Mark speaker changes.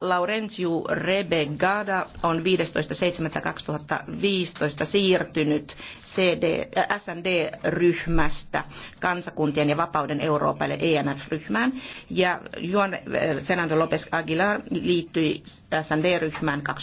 Speaker 1: Laurentiu Rebegada on 15.7.2015 siirtynyt CD, äh, SND-ryhmästä kansakuntien ja vapauden Euroopalle ENF-ryhmään ja Juan Fernando López Aguilar
Speaker 2: liittyi SND-ryhmään 20.